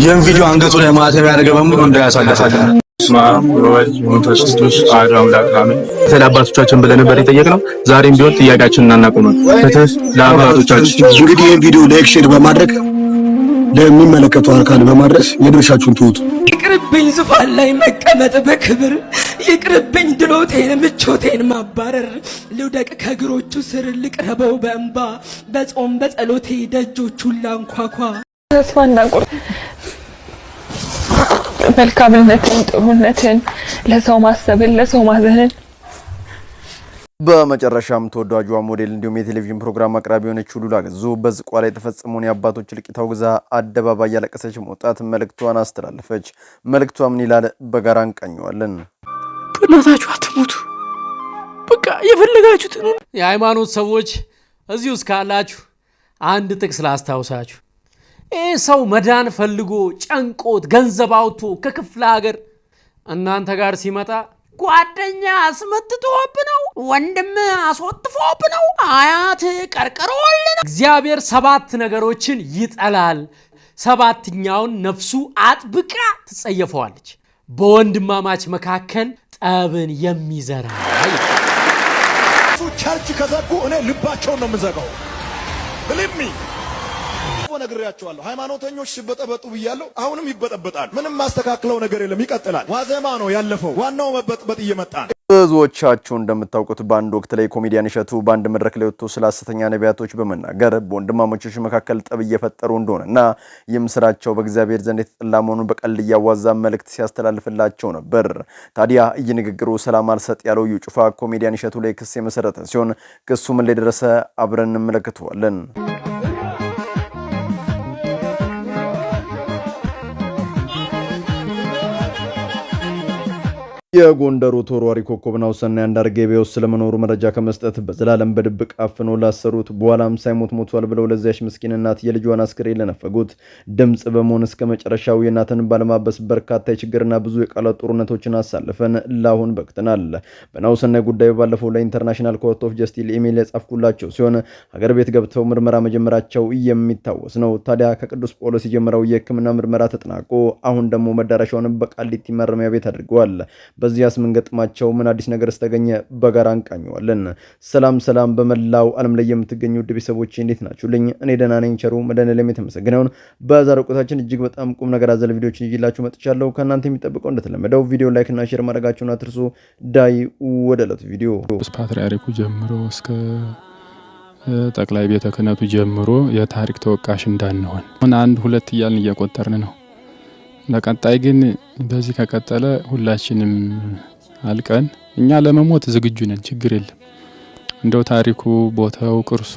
ይህን ቪዲዮ አንገጹ ላይ ማተብ ያደረገ በሙሉ እንዳያሳልፋል። ለአባቶቻችን ብለን ነበር የጠየቅነው። ዛሬም ቢሆን ጥያቄያችንን አናቆምም። ፍትህ ለአባቶቻችን። እንግዲህ ይህን ቪዲዮ ላይክ፣ ሼር በማድረግ አካል በማድረስ የድርሻችሁን ትውጡ። ይቅርብኝ ዙፋን ላይ መቀመጥ በክብር ይቅርብኝ ድሎቴን ምቾቴን ማባረር ልውደቅ ከእግሮቹ ስር ልቅረበው በእንባ በጾም በጸሎቴ ደጆቹን ላንኳኳ ተስፋ መልካምነትን፣ ጥሩነትን፣ ለሰው ማሰብን፣ ለሰው ማዘንን በመጨረሻም ተወዳጇ ሞዴል እንዲሁም የቴሌቪዥን ፕሮግራም አቅራቢ የሆነች ሉላ ገዙ በዝቋ ላይ የተፈጸመውን የአባቶች እልቂት አውግዛ አደባባይ ያለቀሰች መውጣት መልእክቷን አስተላለፈች። መልእክቷ ምን ይላል? በጋራ እንቀኘዋለን በእናታችሁ አትሞቱ፣ በቃ የፈለጋችሁትን። የሃይማኖት ሰዎች እዚሁ እስካላችሁ አንድ ጥቅስ ላስታውሳችሁ። ይህ ሰው መዳን ፈልጎ ጨንቆት ገንዘብ አውቶ ከክፍለ ሀገር እናንተ ጋር ሲመጣ ጓደኛ አስመትቶብ ነው፣ ወንድም አስወጥፎብ ነው፣ አያት ቀርቅሮል ነው። እግዚአብሔር ሰባት ነገሮችን ይጠላል። ሰባተኛውን ነፍሱ አጥብቃ ትጸየፈዋለች። በወንድማማች መካከል ጠብን የሚዘራ ቸርች ከዘጉ እኔ ልባቸውን ነው የምዘጋው ብልሚ ባለፈው ነግሬያቸዋለሁ። ሃይማኖተኞች ሲበጠበጡ ብያለሁ። አሁንም ይበጠበጣል ምንም ማስተካክለው ነገር የለም። ይቀጥላል። ዋዜማ ነው ያለፈው። ዋናው መበጥበጥ እየመጣ ነው። ብዙዎቻችሁ እንደምታውቁት በአንድ ወቅት ላይ ኮሜዲያን እሸቱ በአንድ መድረክ ላይ ወጥቶ ስለ ሐሰተኛ ነቢያቶች በመናገር በወንድማማቾች መካከል ጠብ እየፈጠሩ እንደሆነ እና ይህም ስራቸው በእግዚአብሔር ዘንድ የተጠላ መሆኑን በቀልድ እያዋዛ መልእክት ሲያስተላልፍላቸው ነበር። ታዲያ እይ ንግግሩ ሰላም አልሰጥ ያለው እዩ ጩፋ ኮሜዲያን እሸቱ ላይ ክስ የመሰረተ ሲሆን ክሱ ምን ላይ ደረሰ አብረን እንመለከተዋለን። የጎንደሩ ተወርዋሪ ኮከብ ውሰና አንዳርጌ በሕይወት ስለመኖሩ መረጃ ከመስጠት በዘላለም በድብቅ አፍኖ ላሰሩት በኋላም ሳይሞት ሞቷል ብለው ለዚያች ምስኪን እናት የልጇን አስክሬን ለነፈጉት ድምፅ በመሆን እስከ መጨረሻው የእናትን ባለማበስ በርካታ የችግርና ብዙ የቃላት ጦርነቶችን አሳልፈን ለአሁን በቅተናል። በናሁሰናይ ጉዳይ ባለፈው ለኢንተርናሽናል ኮርት ኦፍ ጀስቲስ ኢሜይል የጻፍኩላቸው ሲሆን ሀገር ቤት ገብተው ምርመራ መጀመራቸው የሚታወስ ነው። ታዲያ ከቅዱስ ጳውሎስ የጀመረው የሕክምና ምርመራ ተጠናቆ አሁን ደግሞ መዳረሻውን በቃሊቲ ማረሚያ ቤት አድርገዋል። በዚያስ ምን ገጥማቸው፣ ምን አዲስ ነገር ስተገኘ በጋራ እንቃኘዋለን። ሰላም ሰላም፣ በመላው ዓለም ላይ የምትገኙ ውድ ቤተሰቦች እንዴት ናችሁልኝ? እኔ ደህና ነኝ፣ ቸሩ መድኃኔዓለም የተመሰገነውን። በዛሬው ቆይታችን እጅግ በጣም ቁም ነገር አዘል ቪዲዮችን ይዤላችሁ መጥቻለሁ። ከእናንተ የሚጠብቀው እንደተለመደው ቪዲዮ ላይክ እና ሼር ማድረጋችሁን አትርሱ። ዳይ ወደ ዕለቱ ቪዲዮ ፓትርያርኩ ጀምሮ እስከ ጠቅላይ ቤተ ክህነቱ ጀምሮ የታሪክ ተወቃሽ እንዳንሆን አሁን አንድ ሁለት እያልን እየቆጠርን ነው። ለቀጣይ ግን በዚህ ከቀጠለ ሁላችንም አልቀን እኛ ለመሞት ዝግጁ ነን። ችግር የለም። እንደው ታሪኩ፣ ቦታው፣ ቅርሱ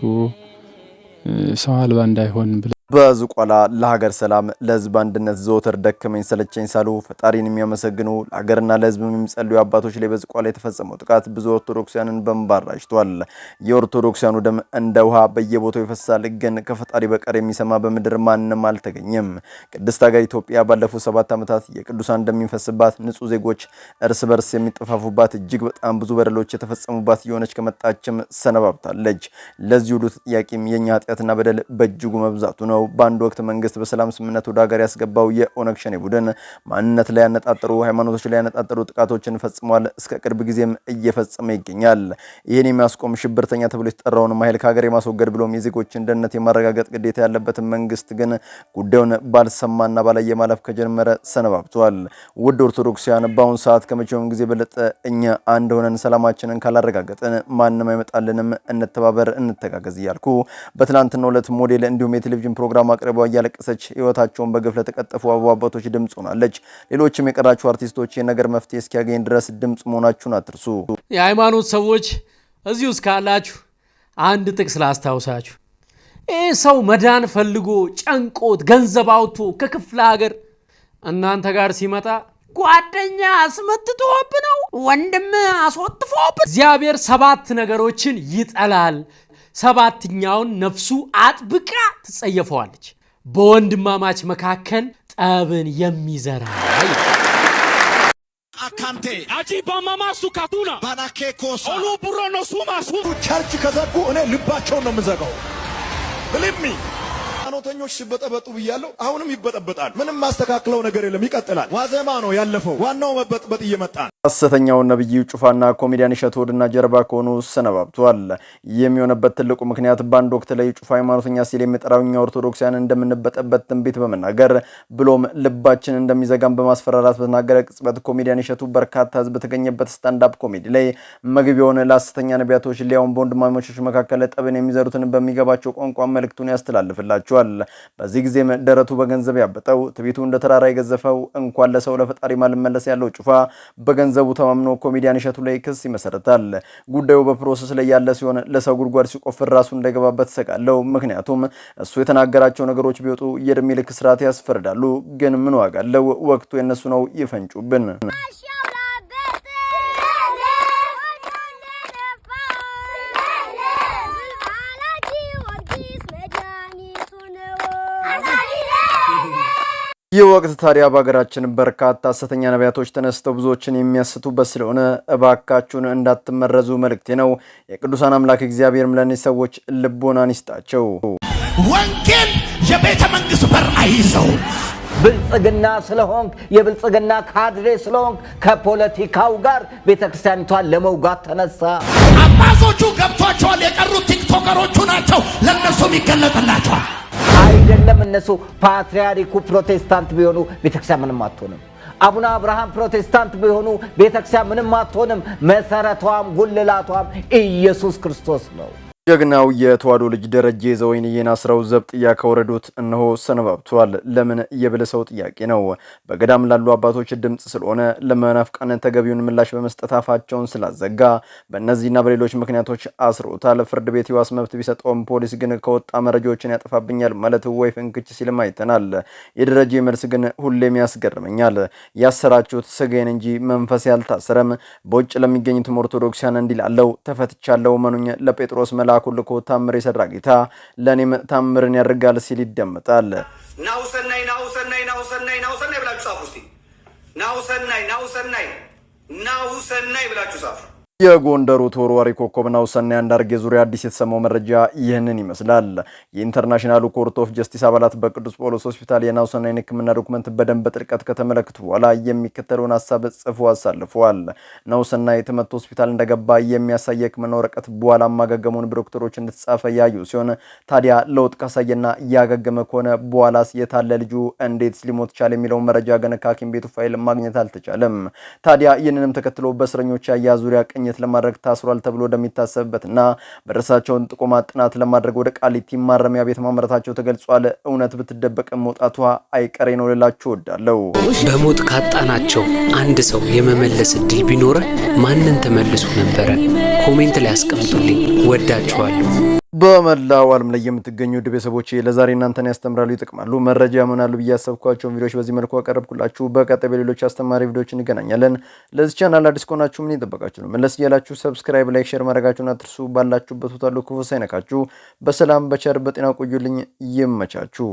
ሰው አልባ እንዳይሆን በዝቋላ ለሀገር ሰላም ለህዝብ አንድነት ዘወትር ደከመኝ ሰለቸኝ ሳሉ ፈጣሪን የሚያመሰግኑ ለሀገርና ለህዝብ የሚጸልዩ አባቶች ላይ በዝቋላ የተፈጸመው ጥቃት ብዙ ኦርቶዶክሲያንን በእንባ የኦርቶዶክሲያኑ ደም እንደ ውሃ በየቦታው ይፈሳል፣ ግን ከፈጣሪ በቀር የሚሰማ በምድር ማንም አልተገኘም። ቅድስት ሀገር ኢትዮጵያ ባለፉት ሰባት ዓመታት የቅዱሳን ደም የሚፈስባት፣ ንጹህ ዜጎች እርስ በርስ የሚጠፋፉባት፣ እጅግ በጣም ብዙ በደሎች የተፈጸሙባት የሆነች ከመጣችም ሰነባብታለች። ለዚህ ሁሉ ጥያቄም የእኛ ኃጢአትና በደል በእጅጉ መብዛቱ ነው። ነው። በአንድ ወቅት መንግስት በሰላም ስምምነት ወደ ሀገር ያስገባው የኦነግ ሸኔ ቡድን ማንነት ላይ ያነጣጠሩ፣ ሃይማኖቶች ላይ ያነጣጠሩ ጥቃቶችን ፈጽሟል። እስከ ቅርብ ጊዜም እየፈጸመ ይገኛል። ይህን የሚያስቆም ሽብርተኛ ተብሎ የተጠራውን ኃይል ከሀገር የማስወገድ ብሎም የዜጎችን ደህንነት የማረጋገጥ ግዴታ ያለበትን መንግስት ግን ጉዳዩን ባልሰማና ባላየ ማለፍ ከጀመረ ሰነባብቷል። ውድ ኦርቶዶክሲያን በአሁኑ ሰዓት ከመቼውም ጊዜ በለጠ እኛ አንድ ሆነን ሰላማችንን ካላረጋገጥን ማንም አይመጣልንም። እንተባበር፣ እንተጋገዝ እያልኩ በትናንትናው ዕለት ሞዴል እንዲሁም የቴሌቪዥን ፕሮግራም ፕሮግራም አቅርባ እያለቀሰች ህይወታቸውን በግፍ ለተቀጠፉ አበባ አባቶች ድምፅ ሆናለች። ሌሎችም የቀራችሁ አርቲስቶች የነገር መፍትሄ እስኪያገኝ ድረስ ድምፅ መሆናችሁን አትርሱ። የሃይማኖት ሰዎች እዚሁ እስካላችሁ አንድ ጥቅስ ላስታውሳችሁ። ይህ ሰው መዳን ፈልጎ ጨንቆት ገንዘብ አውጥቶ ከክፍለ ሀገር እናንተ ጋር ሲመጣ ጓደኛ አስመትቶብ ነው፣ ወንድም አስወጥፎብ። እግዚአብሔር ሰባት ነገሮችን ይጠላል፣ ሰባተኛውን ነፍሱ አጥብቃ ትጸየፈዋለች። በወንድማማች መካከል ጠብን የሚዘራ አካምቴ አጂ ባማማሱ ካቱና ባናኬ ኮሳ ኦሉ ቡሮ ነው ሱማሱ ቸርች ከዘጉ እኔ ልባቸውን ነው የምዘጋው ብልሚ ሟርተኞች ሲበጠበጡ ብያለሁ። አሁንም ይበጠበጣል። ምንም ማስተካክለው ነገር የለም። ይቀጥላል። ዋዜማ ነው ያለፈው። ዋናው መበጥበጥ እየመጣ ነው። ሐሰተኛውን ነብይ ጩፋና ኮሜዲያን እሸት ሆድና ጀርባ ከሆኑ ሰነባብቷል። የሚሆነበት ትልቁ ምክንያት በአንድ ወቅት ላይ ጩፋ ሃይማኖተኛ ሲል የሚጠራው እኛ ኦርቶዶክሳውያን እንደምንበጠበት ትንቢት በመናገር ብሎም ልባችን እንደሚዘጋም በማስፈራራት በተናገረ ቅጽበት ኮሜዲያን እሸቱ በርካታ ህዝብ በተገኘበት ስታንዳፕ ኮሜዲ ላይ መግቢያውን ለሐሰተኛ ነቢያቶች ሊያውን በወንድማማቾች መካከል ጠብን የሚዘሩትን በሚገባቸው ቋንቋ መልእክቱን ያስተላልፍላቸዋል። ተናግሯል። በዚህ ጊዜም ደረቱ በገንዘብ ያበጠው ትቢቱ እንደ ተራራ የገዘፈው እንኳን ለሰው ለፈጣሪ ማልመለስ ያለው ጩፋ በገንዘቡ ተማምኖ ኮሚዲያን እሸቱ ላይ ክስ ይመሰረታል። ጉዳዩ በፕሮሰስ ላይ ያለ ሲሆን ለሰው ጉድጓድ ሲቆፍር ራሱ እንዳይገባበት ሰቃለው። ምክንያቱም እሱ የተናገራቸው ነገሮች ቢወጡ የእድሜ ልክ ስርዓት ያስፈርዳሉ። ግን ምን ዋጋለው ወቅቱ የነሱ ነው፣ ይፈንጩብን። ይህ ወቅት ታዲያ በሀገራችን በርካታ ሐሰተኛ ነቢያቶች ተነስተው ብዙዎችን የሚያስቱበት ስለሆነ እባካችሁን እንዳትመረዙ መልእክቴ ነው። የቅዱሳን አምላክ እግዚአብሔርም ለእነዚህ ሰዎች ልቦናን ይስጣቸው። ወንጌል የቤተ መንግስት በር አይዘው። ብልጽግና ስለሆንክ የብልጽግና ካድሬ ስለሆንክ ከፖለቲካው ጋር ቤተ ክርስቲያኒቷን ለመውጋት ተነሳ። አባቶቹ ገብቷቸዋል። የቀሩት ቲክቶከሮቹ ናቸው። ለእነሱም ይገለጥላቸዋል። አይደለም እነሱ ፓትሪያሪኩ ፕሮቴስታንት ቢሆኑ ቤተክርስቲያን ምንም አትሆንም። አቡነ አብርሃም ፕሮቴስታንት ቢሆኑ ቤተክርስቲያን ምንም አትሆንም። መሰረቷም ጉልላቷም ኢየሱስ ክርስቶስ ነው። ጀግናው የተዋዶ ልጅ ደረጀ ዘወይንዬን አስረው ዘብጥያ ከወረዱት እነሆ ሰነባብቷል። ለምን የብለሰው ጥያቄ ነው። በገዳም ላሉ አባቶች ድምፅ ስለሆነ ለመናፍቃን ተገቢውን ምላሽ በመስጠት አፋቸውን ስላዘጋ በእነዚህና በሌሎች ምክንያቶች አስሮታል። ፍርድ ቤት የዋስ መብት ቢሰጠውም ፖሊስ ግን ከወጣ መረጃዎችን ያጠፋብኛል ማለት ወይ ፍንክች ሲልም አይተናል። የደረጀ መልስ ግን ሁሌም ያስገርመኛል። ያሰራችሁት ስጋዬን እንጂ መንፈስ ያልታሰረም በውጭ ለሚገኙትም ኦርቶዶክሲያን እንዲላለው ተፈትቻለው መኑኝ ለጴጥሮስ መላ ኩልኮ ታምር የሰራ ጌታ ለእኔም ታምርን ያደርጋል ሲል ይደመጣል። ናውሰናይ ናውሰናይ ናውሰናይ ናውሰናይ ብላችሁ ጻፉ። እስኪ ናውሰናይ ናውሰናይ ናውሰናይ ብላችሁ ጻፉ። የጎንደሩ ተወርዋሪ ኮከብና ውሳኔ አንዳርጌ ዙሪያ አዲስ የተሰማው መረጃ ይህንን ይመስላል። የኢንተርናሽናሉ ኮርት ኦፍ ጀስቲስ አባላት በቅዱስ ጳውሎስ ሆስፒታል የናሁሰናይን ሕክምና ዶክመንት በደንብ በጥልቀት ከተመለከቱ በኋላ የሚከተለውን ሀሳብ ጽፎ አሳልፈዋል። ናሁሰናይ ትምህርት ሆስፒታል እንደገባ የሚያሳይ ሕክምና ወረቀት በኋላ ማገገሙን በዶክተሮች እንደተጻፈ ያዩ ሲሆን ታዲያ ለውጥ ካሳየና እያገገመ ከሆነ በኋላስ የታለ ልጁ እንዴት ሊሞት ቻለ የሚለውን መረጃ ገና ከሐኪም ቤቱ ፋይል ማግኘት አልተቻለም። ታዲያ ይህንንም ተከትሎ በእስረኞች አያያዝ ዙሪያ ቅኝት ለማግኘት ለማድረግ ታስሯል ተብሎ እና በደረሳቸውን ጥቆማ ጥናት ለማድረግ ወደ ቃሊቲ ማረሚያ ቤት ማምረታቸው ተገልጿል። እውነት ብትደበቅ መውጣቷ አይቀሬ ነው ልላችሁ እወዳለሁ። በሞት ካጣናቸው አንድ ሰው የመመለስ እድል ቢኖረ ማንን ተመልሱ ነበረ? ኮሜንት ላይ አስቀምጡልኝ። ወዳችኋለሁ። በመላው ዓለም ላይ የምትገኙ ውድ ቤተሰቦች ለዛሬ እናንተን ያስተምራሉ፣ ይጠቅማሉ፣ መረጃ ይሆናሉ ብዬ ያሰብኳቸውን ቪዲዮዎች በዚህ መልኩ አቀረብኩላችሁ። በቀጣይ በሌሎች አስተማሪ ቪዲዮዎች እንገናኛለን። ለዚህ ቻናል አዲስ ከሆናችሁ ምን ይጠበቃችሁ ነው? መለስ እያላችሁ ሰብስክራይብ፣ ላይክ፣ ሼር ማድረጋችሁን አትርሱ። ባላችሁበት ሁሉ ክፉ ሳይነካችሁ በሰላም በቸር በጤና ቆዩልኝ። ይመቻችሁ።